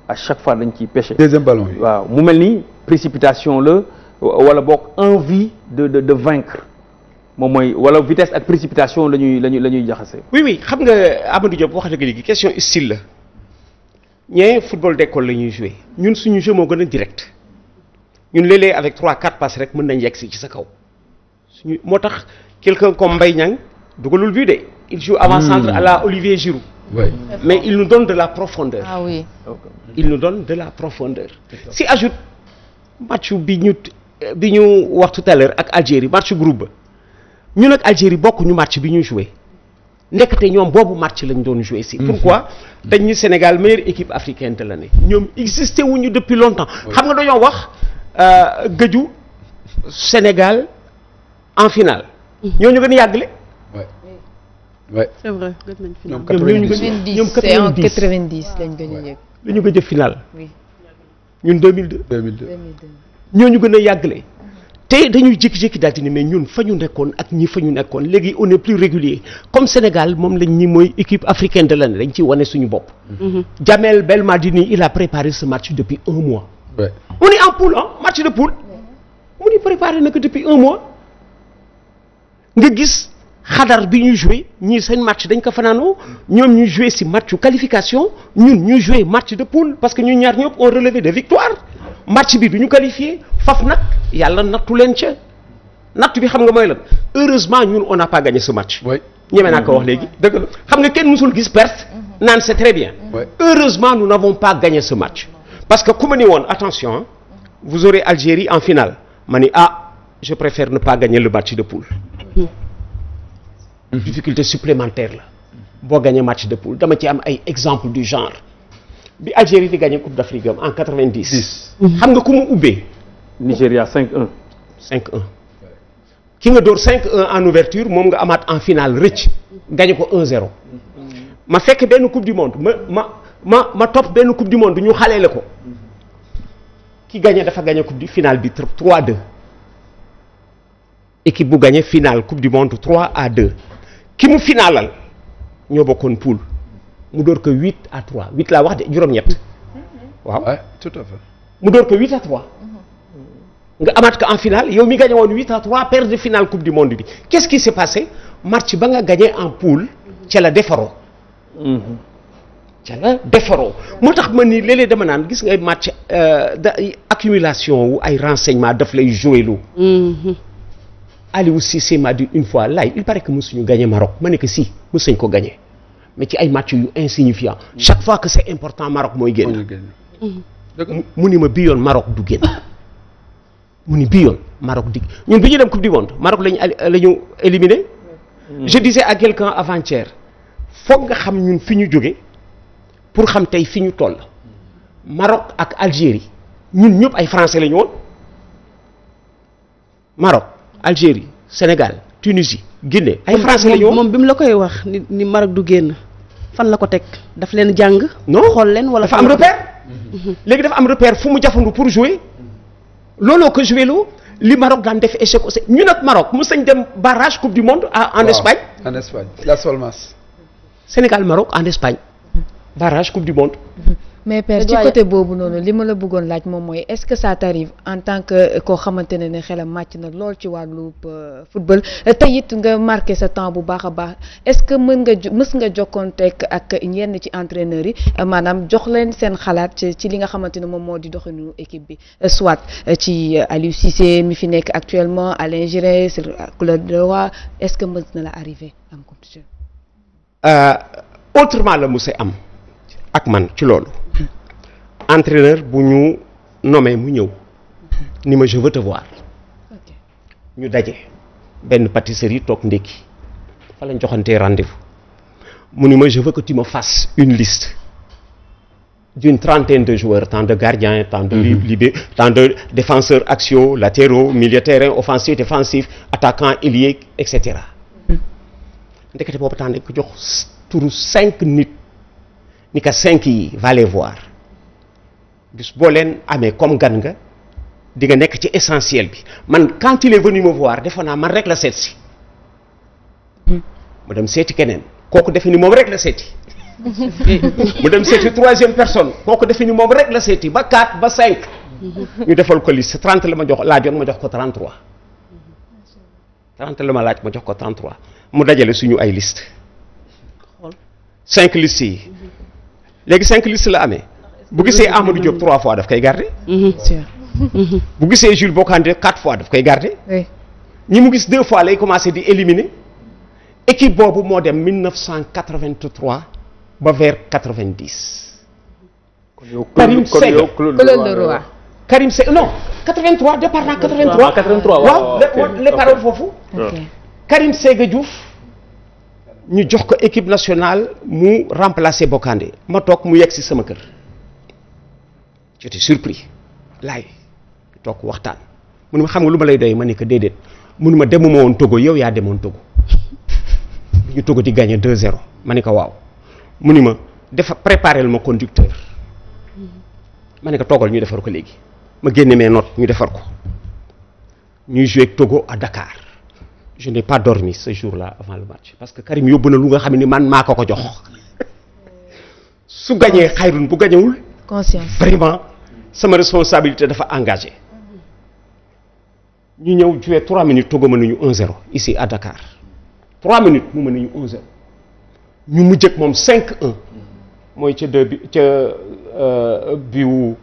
à chaque fois dañ ciy pêcher deuxième ballon yi waaw mu mel ni précipitation la wala boog envie de de de vaincre moom mooy wala vitesse ak précipitation la ñuy la ñuy la ñuy jaxase. oui oui xam nga Amadou Diop wax na ko question style la ñee football d'école la ñuy joué ñun suñu jeu moo gën a direct. ñun léeg-léeg avec trois quatre passes rek mën nañ yegg si ci sa kaw suñu moo tax quelqu'un comme Mbaye Niang dugalul bii de il joue avant hmm. centre à la Olivier Giroud mais il nous donne de la profondeur ah oui il nous donne de la profondeur si ajoute match bi ñu bi ñu wax tout à ak Algérie match groupe ba ñun ak Algérie ñu match bi ñu joué ndekete ñoom boobu match lañ doon joué si hmm. pourquoi dañ ñu Sénégal meilleure équipe africaine la l'année ñoom existé wuñu depuis longtemps xam nga dañoo wax Euh, gëju Sénégal en finale. Mhm. ñooñu gën a yàggale. oui c'est vrai gën nañu final ñoom 90 lañ gën a yegg. dañu gëj a final. oui ñun 2002. 2002 ñooñu gën yàggale. te dañuy jékki-jékki daal di ne mais ñun fa ñu nekkoon ak ñi fa ñu nekkoon léegi on est plus régulier comme Sénégal moom lañ ñi mooy équipe africaine de l'année dañ ciy wane suñu bopp. Djamel mhm. Belmadi nii il a préparé ce match depuis un mois. Ouais. On est en poule hein, match de poule. mu ni préparé na ko depuis un mois nga gis xadar bi ñu joué ñii seen match dañ ko fanaanoo ñoom ñu joué si matchu qualification ñun ñu joué match de poule parce que ñu ñaar ñëpp on relevé de victoire match bi du ñu qualifié faf nag yàlla nattu leen ca nattu bi xam nga mooy la heureusement ñun on n'a pas gagné ce match. ñeme naa ko wax léegi. dëgg la xam nga kenn mësul gis perte. naan c'est très bien. Oui. heureusement nous n'avons pas gagné ce parce que ku ma ni woon attention vous aurez Algérie en finale ma ni ah je préfère ne pas gagner le match de poule mmh. difficulté supplémentaire la boo gagné match de poule dama ci am ay exemple du genre bi Algérie di gagné Coupe d'Afrique am en xam nga ku mu ubbee Nigéria ki nga dóor 5-1 en ouverture moom nga amaat en finale rëcc gagné ko 1 ma fekk benn coupe du monde ma ma ma ma topp benn coupe du monde ñu xalee ko ki gagné dafa gagné coupe du finale bi 3 2 équipe bu gagné finale coupe du monde 3 à 2 ki mu finalal ñoo bokkoon poule mu door ko 8 à 3 8 laa wax de juróom-ñett waaw. tout à fait. mu door ko 8 à 3 nga amaat ko en finale yow mi gagné woon 8 a 3 perte de finale coupe du monde bi qu'est-ce qui s'est passé match ba nga gagné en poule ca la defaroo. Mm-hmm. ca la defaroo moo tax ma ni léeg dama naan gis ngay match euh, da accumulation wu ay renseignement daf lay joué lu mm-hmm. Aliou Cissé m'a dit une fois lay il paraît que mësuñu gagné Maroc ma nekk que si mësuñ ko gagné mais ci ay match yu insignifiant mm-hmm. chaque fois que c'est important Maroc mooy génn mm-hmm. mu ni ma bi yoon Maroc du génn mu ni bi yoon Maroc di ñun bi ñu dem coupe du monde Maroc lañu la je disais à quelqu'un avant-hier foog nga xam ñun fi ñu jóge pour xam tey fi ñu toll Maroc ak Algérie ñun ñëpp ay français la ñu woon Maroc Algérie Sénégal Tunisie Guinée ay français la woon moom bi mu la koy wax ni ni Maroc du génn fan la ko teg daf leen jàng. non xool leen wala dafa am repère. Mhm. léegi dafa am repère fu mu jafandu pour jouer looloo ko joué loo li Maroc daan def échec aussi ñun ak Maroc mu sañ dem barage coupe du monde. en Espagne en Espagne la Sénégal Maroc en Espagne. barrage coupe du monde. (laughs) mais père ci côté boobu noonu li ma la bëggoon laaj moom mooy est-ce que ça t'arrive en tant que euh, koo xamante ne ne xelam màcc na lool ci wàllu euh, football euh, te it nga marqué sa temps bu baax a baax est-ce que mën nga mës nga jokkoonteeg ak ñenn ci entraîneurs yi maanaam jox leen seen xalaat ci li nga xamante ne moom moo di doxinu équipe bi soit ci Aliou Cissé mi fi nekk actuellement Alain Giré Claude waa est-ce que mës na la arrivé am compétition autrement la mu am. ak man ci loolu entraîneur bu ñu nommé mu ñëw ni ma je veux voir ñu daje benn pâtisserie toog ndékki fa lañ joxantee rendez-vous mu ni ma je veux que tu me fasses une liste d'une trentaine de joueurs tant de gardiens tant de mhm. libéraux tant de défenseurs axiaux latéraux milieu terrain offensif défensif attaquant ailier et cetera mhm. ndekete boobu temps dañ jox turu cinq nit ni ka cinq yi va les voir bis boo leen amee comme gan nga di nga nekk ci essentiel bi man quand il est venu me voir defe naa man rek la seet si hmm. mu dem seeti keneen kooku defe ni moom rek la seeti (laughs) mu dem seeti troisième personne kooku defe ni moom rek la seeti ba quatre ba cinq hmm. ñu defal ko list trente la ma jox laajoon ma jox ko trente trois trente la ma laaj ma jox ko trente trois mu dajale suñu ay liste cinq listes yi hmm. léegi cinq listes la amee bu gisee Amadou Diop trois fois daf koy garder. Mhm, mhm. bu gisee Jules Bocandé quatre fois daf koy garder. ñi mu gis deux fois lay commencé di éliminer équipe boobu moo dem 1983 ba vers 90. kon yow Karim Seck Claude Leroy Karim Seck non 83 départ na 83. 83 waaw waaw les foofu. Karim Séga Diouf. ñu jox ko équipe nationale mu remplacer bokkande ma toog mu yegg si sama kër j'étais surpris laay toog waxtaan mu ne ma xam nga lu ma lay day ma ne ko déedéet mu ne ma demuma woon Togo yow yaa demoon Togo (laughs) ñu Togo di gagné 2-0 ma ne ko waaw mu ni ma dafa préparé ma conducteur ma ne ko toogal ñu defar ko léegi ma génne mes notes ñu defar ko ñuy joué Togo à Dakar. je n'ai pas dormi ce jour-là avant le match parce que Karim yóbbu na lu nga xam ne man maa ko ko jox su gañee xayrun bu gañewul conscience vraiment sama responsabilité dafa engagé ñu ñëw joué 3 minutes Togo mën nañu 1-0 ici à Dakar 3 minutes mu mën nañu 1-0 ñu mujj ak moom cinq 1 mooy ca deux euh,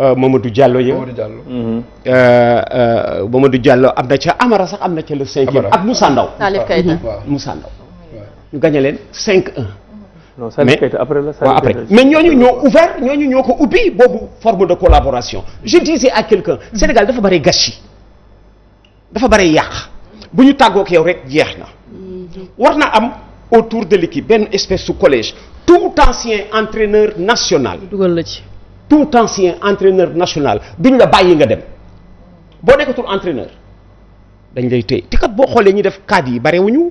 Euh, Mamadou Diallo ya Mamadou Diallo. Mhm. Euh, euh, Mamadou Diallo am na ca Amara sax am na ca le cinquième ak Moussa Ndaw Salif Keita Moussa Ndaw ñu gagné leen 5-1. non Salif Keita après la Salif Keita mais ñoo ñu ñoo ko ubbi boobu forme de collaboration je disais à quelqu'un mm-hmm. Sénégal dafa bari gâchis dafa bari yàq bu ñu tàggook ak yow rek jeex na mm-hmm. war na am autour de l'équipe benn espèce su collège tout ancien entraîneur national. dugal la ci. tout ancien entraîneur national duñ la bàyyi nga dem boo nekkatul entraîneur dañ lay téye te kat boo xoolee ñu def cadre yi barewuñu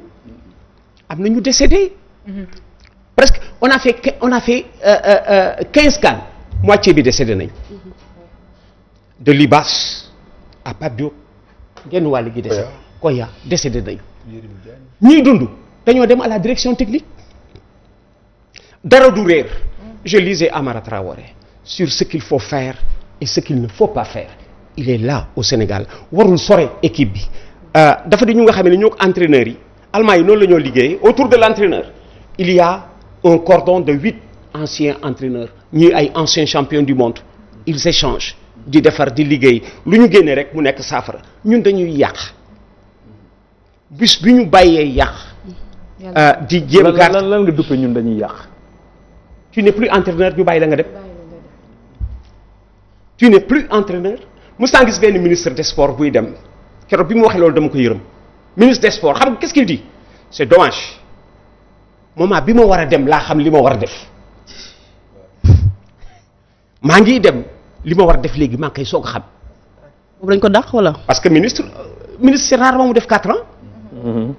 am na ñu décédé. Mm-hmm. presque on a fait on a fait euh, euh, euh, quinze CAN moitié bi décédé nañ. Mm-hmm. de Libas à Pape Diop wàll gi décédé Koya décédé nañ. ñiy dund dañoo dem à la direction technique dara du réer mm. je lisais Amara Traoré. sur ce qu'il faut faire et ce qu'il ne faut pas faire il est là au Sénégal warul sore équipe bi euh, dafa de ñu nga xam ne ñoo entraîneurs yi allemand yi noonu lañoo liggéey liggéeyee autour de l'entraîneur il y un cordon de huit anciens entraîneurs ñuy ay anciens champions du monde ils échangent di defar di liggéey lu ñu génnee rek mu nekk saafara ñun dañuy yàq bis bi ñu bàyyee yàq. Euh, di jéem gàtt lan lan nga duppe ñun dañuy yàq. tu n'es plus entraîneur ñu bàyyi la nga dem. tu n'es plus entraîneur mu saa gis benn ministre des sports buy dem keroog bi mu waxee loolu dama ko yërëm ministre des xam nga qu'est-ce qu'il dit c'est dommage moment bi ma war a dem laa xam li ma war a def maa ngi dem li ma war a def léegi maa ngi koy soog a xam. boobu dañ ko dàq wala. parce que ministre euh, ministre c'est rarement def quatre ans. Mm-hmm.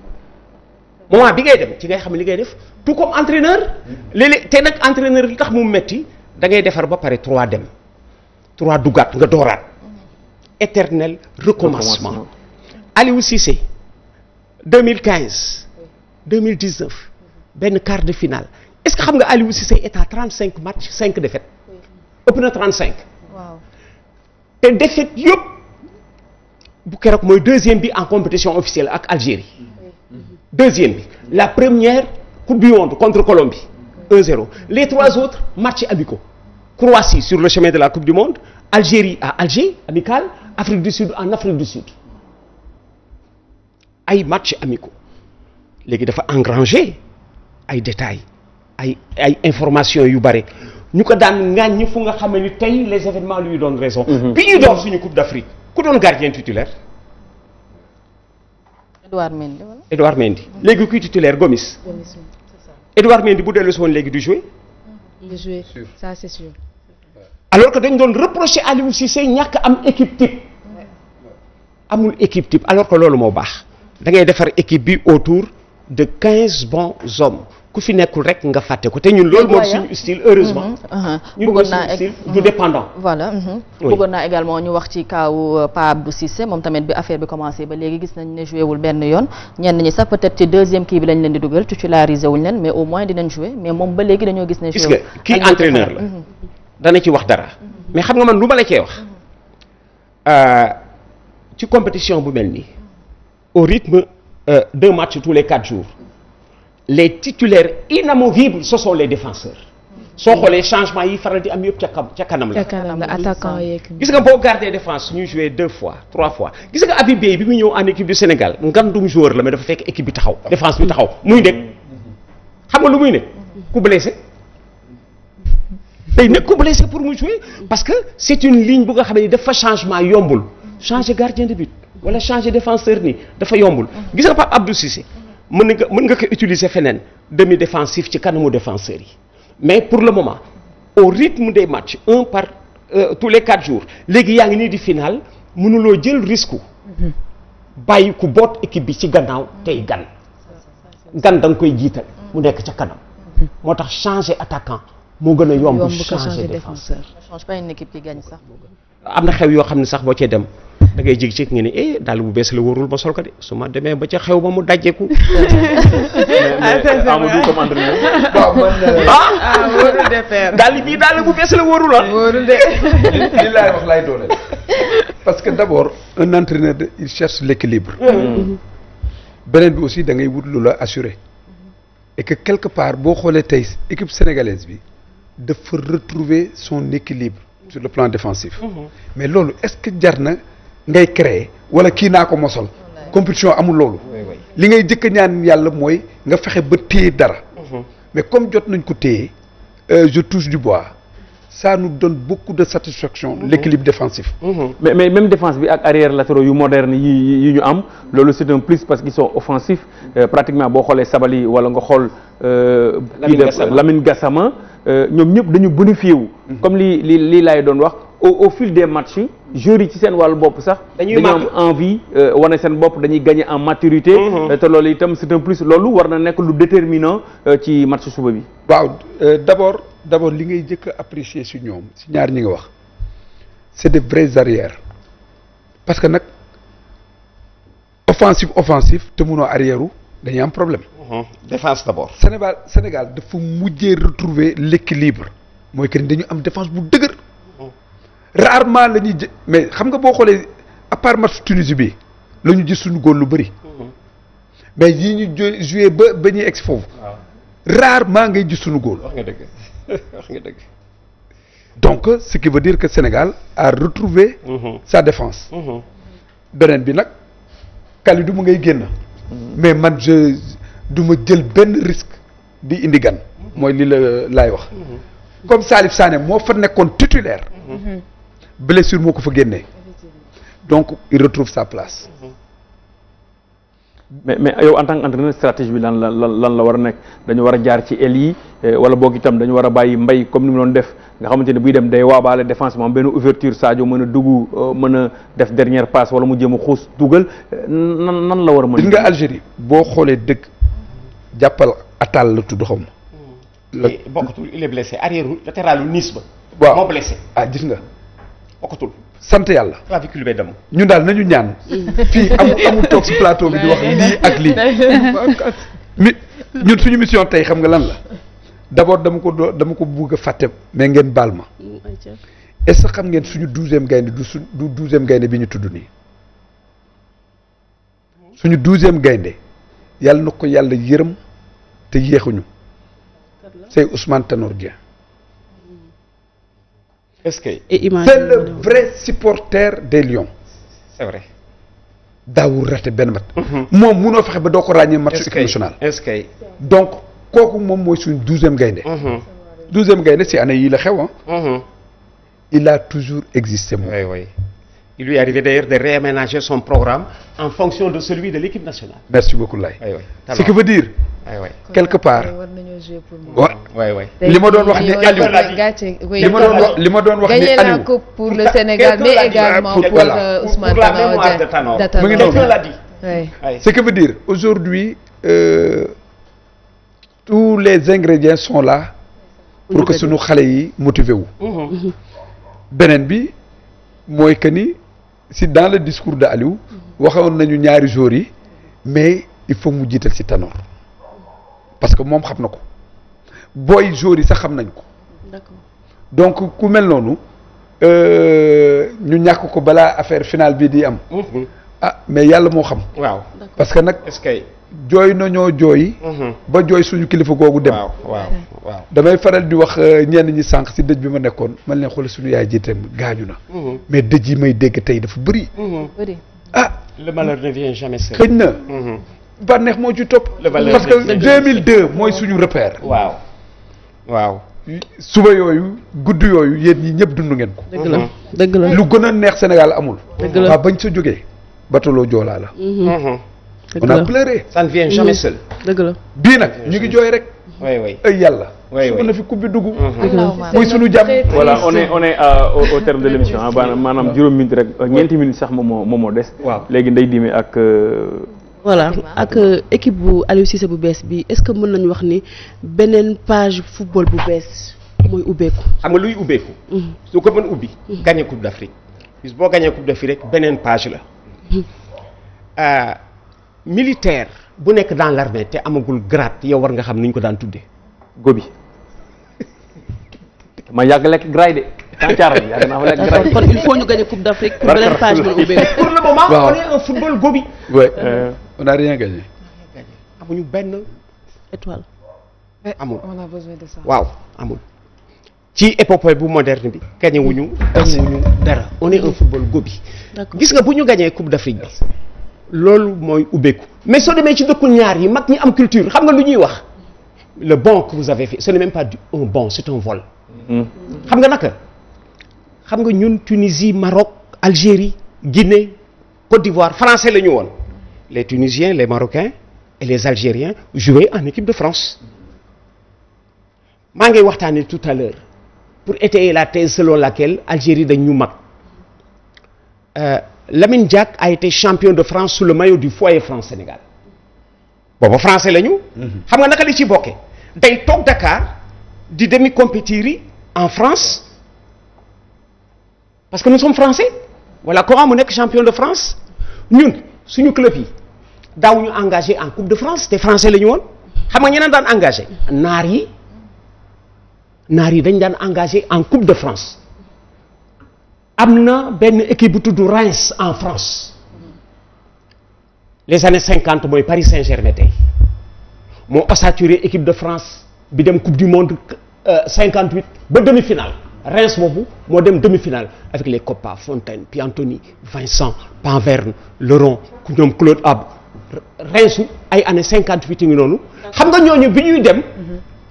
moment bi ngay dem ci ngay xam li ngay def tout comme entraîneur. Mm-hmm. léeg te nag entraîneur li tax mu metti da ngay defar ba pare trois dem. trois duggaat nga dooraat mhm. éternel recommencement Aliou Cissé 2015 2019 benn quart de finale est que xam nga Aliou Cissé est à 35 matchs 5 défaites ëpp na 35. waaw te défaites yëpp bu keroog mooy deuxième bi en compétition officielle ak Algérie mhm. deuxième bi la première coupe du monde contre Colombie 1 mhm. les trois autres matchs amicaux. Croatie sur le chemin de la Coupe du Monde Algérie à Alger amical Afrique du Sud en Afrique du Sud ay matchs amicaux léegi dafa engranger ay détails ay ay informations yu bare ñu ko daan ŋàññi fu nga xam ni tey les événements lui donnent raison. Mhm. bi ñuy door suñu Coupe d'Afrique ku doon gardien titulaire. Edouard Mendy wala. Edouard Mendy mhm. léegi kuy titulaire Gomis. Gomis c'est ça. Edouard Mendy bu dellu si woon léegi du jouer. du jouer ça c'est sûr. alors que dañu doon reprocher Aliou Cissé ñàkk am équipe type amul équipe type alors que loolu moo baax da ngay defar équipe bi autour de quinze bons hommes ku fi nekkul rek nga fàtte ko te ñun loolu mooy suñu style heureusement. Mm-hmm. Uh-huh. ñun mooy suñu e- mm-hmm. mm-hmm. naa également ñu wax ci kaawu euh, Pa Abdou Cissé moom tamit bi affaire bi commencé ba léegi gis nañ ne joué wul benn yoon ñenn ñi sax peut-être ci deuxième kii bi lañ leen di dugal titularisé wuñ leen mais au moins dinañ joué dana ci wax dara mhm. mais xam nga man lu ma la cee wax mhm. euh, ci compétition bu mel nii au rythme euh, deux matchs tous les quatre jours les titulaires inamovibles ce sont les défenseurs mhm. soo xoolee changement yi faral di am yëpp ca ca kanam la. attaquant yeeg gis nga boo gardé défense ñu joué deux fois trois fois gis nga Habib Beye bi mu ñëw en équipe du Sénégal ngandum joueur la mais dafa fekk équipe bi taxaw défense bi taxaw muy nekk xam nga lu muy nekk ku blessé. day nekk ko blessé pour mu jouer parce que c'est une ligne bu nga xam ne dafa changement yombul changer gardien de but wala changer défenseur nii dafa yombul gis nga Pape Abdou mën nga ko utiliser feneen demi défensif ci kanamu défenseurs yi mais pour le moment au rythme des matchs un par euh, tous les quatre jours léegi yaa ngi nii di final mënuloo jël risque bàyyi ku boot équipe bi ci gannaaw tey gan gan da nga koy jiital mu nekk ca kanam moo tax changer attaquant moo gën a yomb changer défenseur change pas une am na xew yoo xam ne sax boo cee dem da ngay jig ci nga ni eh bu bees la warul ma sol ko de su ma demee ba ca xew ba mu dajjeeku. (laughs) Ah, Amadou commande na waaw bii daal bu bees la warul ah. warul de. li laay wax parce que d' abord un entraîneur il cherche l' équilibre. Mm. Mm-hmm. beneen bi aussi da ngay wut lu la assuré. et que quelque part boo xoolee tey équipe sénégalaise bi. dafa retrouver son équilibre sur le plan défensif mais loolu est-ce que jar na ngay créer wala kii naa ko mosol compétition amul loolu li ngay jëkk ñaan yàlla mooy nga fexe ba téye dara mhm. mais comme jot nañ ko téye euh, je touche du bois ça nous donne beaucoup de satisfaction mm -hmm. l'équilibre défensif mm -hmm. mais, même défense bi ak arrière latéraux yu moderne yi ñu am loolu c'est un plus parce qu'ils sont offensifs euh, pratiquement boo xoolee Sabali wala nga xool euh, Lamine Gassama euh, ñoom ñëpp dañu bénéfié wu mhm. comme li li lii laay doon wax au au fil des matchs joueurs ci seen wàllu bopp sax dañu am envie wane seen bopp dañuy gagner en maturité mhm. te loolu itam c'est un plus loolu war na nekk lu déterminant ci match suba bi d'abord li ngay jëkk a apprécier si ñoom si ñaar ñi nga wax c'est de vrais arrières parce que nag offensive offensive te munoo arrière u dañuy am problème. défense d'abord. Sénégal Sénégal dafa mujjee retrouver l'équilibre mooy que ni dañu am défense bu dëgër. rarement la ñuy jë mais xam nga boo xoolee à part match Tunisie bi la ñu gis suñu góol lu bëri. mais yii ñu joué ba ba ñuy egg foofu. rarement ngay gis suñu góol. wax nga donc ce qui veut dire que Sénégal a retrouvé mmh. sa défense. Mm-hmm. beneen bi nag Kalidou mu ngay génn. Mm-hmm. mais man je jël benn risque di indi gan. Mm-hmm. mooy li la laay wax. comme Salif Sané moo fa nekkoon titulaire. blessure moo ko fa génnee. donc il retrouve sa place. mais mais yow en tant que entraîneur stratégie bi lan la lan lan la war a nekk dañu war a jaar ci aile yi eh, wala boog itam dañu war a bàyyi mbay comme ni mu doon def nga xamante ne buy dem day waabaale défense moom benn ouverture Sadio mën a dugg euh, mën a def dernière passe wala mu jéem a xuus dugal eh, nan nan la war a mën nga Algérie boo xoolee dëgg jàppal atal la tudd xaw ma. la hmm. eh, bokkatul il est blessé arrière latéral Nice ba. waaw moo blessé ah gis nga bokkatul. sant yàlla. traficule bay dem. ñun daal nañu ñaan. fii amul amul toog si plateau bi di wax lii ak lii. mi ñun suñu mission tey xam nga lan la d'abord dama ko doo dama ko bugg fàtte mais ngeen baal ma. est xam ngeen suñu douzième gaynde du su du douzième gaynde bi ñu tudd nii suñu douzième gaynde yàlla na ko yàlla yërëm te yéexuñu. c'est Ousmane Tanor Dieng. est-ce que c'est le vrai supporter des Lions. c'est vrai. daawul raté benn mat. Mhm. moom noo fexe ba doo ko ràññee match équipe nationale. donc kooku moom mooy suñu douzième gaynde. Mhm. douzième gaynde si année yii la xew ah. Mhm. il a toujours existé moom. il lui est arrivé d'ailleurs de réaménager son programme li ma doon wax ni Aliou li ma doon wax li ma doon wax ni Aliou. gagné la coupe pour le Sénégal mais également pour euh, Ousmane Tanor mu ngi noonu ce qui veut dire aujourd'hui euh, tous les ingrédients sont là. pour que sunu xale yi motivé wu. Mhm. beneen bi mooy que si dans le discours de Aliou waxoon nañu ñaari jours yi mais il faut mu jiital si Tanor parce que moom xam na ko booy jours yi sax xam nañ ko. donc ku mel noonu euh, ñu ñàkk ko balaa affaire finale bi di am. Mhm. ah mais yàlla moo xam. parce que nag jooy nañoo jooy. Mhm. ba jooy suñu kilifa googu dem. waaw waaw damay faral di wax euh, ñenn ñi sànq si dëj bi ma nekkoon man leen xool suñu yaay jiite gaañu na. Mhm. mais dëj yi may dégg tey dafa bëri. Mhm. ah. le malheur ne vient jamais seul. xëj na. bànneex moo ci topp. parce que 2002 mooy suñu repère. waaw waaw. suba yooyu gudd yooyu yéen ñi ñëpp dund ngeen ko. dëgg la la lu gën a neex Sénégal amul. dëgg la waaw bañ sa jógee. bataloo joolaa la. on a pleuré. ça ne vient jamais mm. seul. dëgg la bii nag ñu ngi mm. jooy rek. way way ay yàlla. way way su na fi coupe bi dugg. Mm-hmm. muy sunu jàmm. voilà on est euh, au terme de l' émission ah maanaam juróom minute rek ñeenti minute sax moom moo moom moo des. waaw léegi Ndeye Dime ak. Euh, voilà ak euh, équipe bu Aliou bu bees bi est-ce que mën nañu wax ni beneen page football bu bees mooy ubbeeku. xam nga luy ubbeeku. Mm. su ko mën ubbi. gagné coupe d' boo gagné coupe d' rek beneen page la. militaire bu nekk dans l'armée te amagul grade yow war nga xam ni ñu ko daan tuddee. gobi ma yàgg lekk graay de. tàncaar bi yàgg lekk graay. kon il faut (laughs) euh, benn étoile. Eh, amul on a waaw amul. ci épopée bu moderne bi gañewuñu. gañewuñu dara on est un football gobi. gis nga bu ñu gañee coupe d'Afrique bi. loolu mooy ubbeeku mais soo demee ci dëkkul ñaar yi mag ñi am culture xam nga lu ñuy wax le bon que vous avez fait ce n'est même pas du un bond c'est un vol hmm. xam nga naka xam nga ñun Tunisie Maroc Algérie Guinée Côte d'Ivoire français la ñu woon les Tunisiens les Marocains et les Algériens jouaient en équipe de France maa ngi waxtaanee tout à l'heure pour étayer la thèse selon laquelle Algérie dañ ñu mag euh, Lamine Diack a été champion de France sous le maillot du foyer France Sénégal booba français la ñu. Mhm. xam nga naka li ci bokkee day toog Dakar di demi compétir yi en France parce que nous sommes français voilà comment mu nekk champion de France ñun suñu club yi daawuñu engagé en Coupe de France te français la ñu woon xam nga ñeneen daan engagé naar yi naar yi dañ daan engagé en Coupe de France. am na benn équipe bu tudd Reims en France les années cinquante mooy Paris Saint-Germain tey moo ossaturé équipe de France bi dem coupe du monde euh, cinquante ba demi-finale Reims boobu moo dem demi-finale avec les Coppa Fontaine Piantoni Vincent Panverne Laurent ñoom Claude Ab Reims ay années cinquante huit ngi noonu xam nga ñooñu bi ñuy dem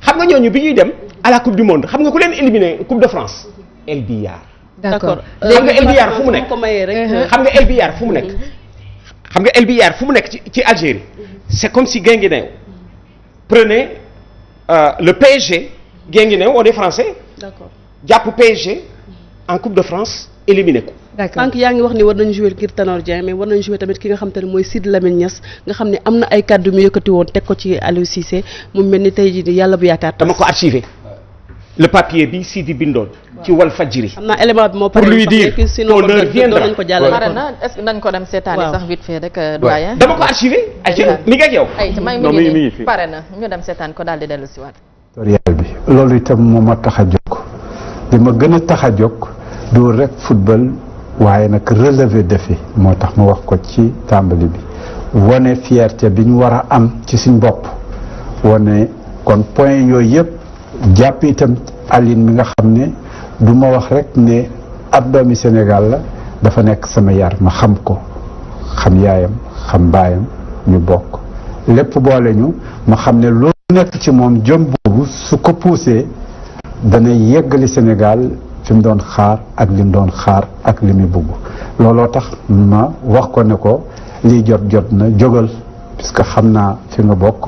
xam nga ñooñu bi ñuy dem à la coupe du monde xam nga ku leen éliminé coupe de France El d'accord euh, uh-huh. xam nga LBR fu mu nekk mm-hmm. xam nga LBR fu mu nekk xam nga LBR fu mu nekk ci ci Algérie mm-hmm. c'est comme si Guinguinéo prenez euh, le PSG Guinguinéo on est français d'accord jàpp PSG mm-hmm. en Coupe de France éliminé ko d'accord yaa ngi wax ni war nañu jouer ngir Tanor Dieng war nañu jouer tamit ki nga xam te ne mooy Sidy Lamine Niass nga xam ne am na ay kàddu mu yëkkati woon teg ko ci Aliou Cissé mu mel ni tey jii yàlla bu yaakaar dama ko archivé le papier bi si di bindoon. ci wal fajiri. xam na élément bi moo pare pour lui dire ton heure viendra nañ ko nañ ko dem seetaani sax vite fait rek. doyen dama ko archivé. ayca mi ngi ak yow. ayca maa pare na ñu dem seetaan ko daal di dellu si waat. territorial bi loolu itam moo ma tax a jóg li ma gën a tax a jóg du rek football waaye nag relevé défi moo tax ma wax ko ci tàmbali bi wane fierté bi ñu war a am ci suñ bopp wane kon point yooyu yëpp. jàpp itam Aline mi nga xam ne du ma wax rek ne ab doomi senegal la dafa nekk sama yar ma xam ko xam yaayam xam baayam ñu bokk lépp boole ñu ma xam ne loolu nekk ci moom jom boobu su ko poussé dana yeggali Sénégal fi doon xaar ak li doon xaar ak li mu bugg looloo tax ma wax ko ne ko lii jot jot na jógal puisque xam naa fi nga bokk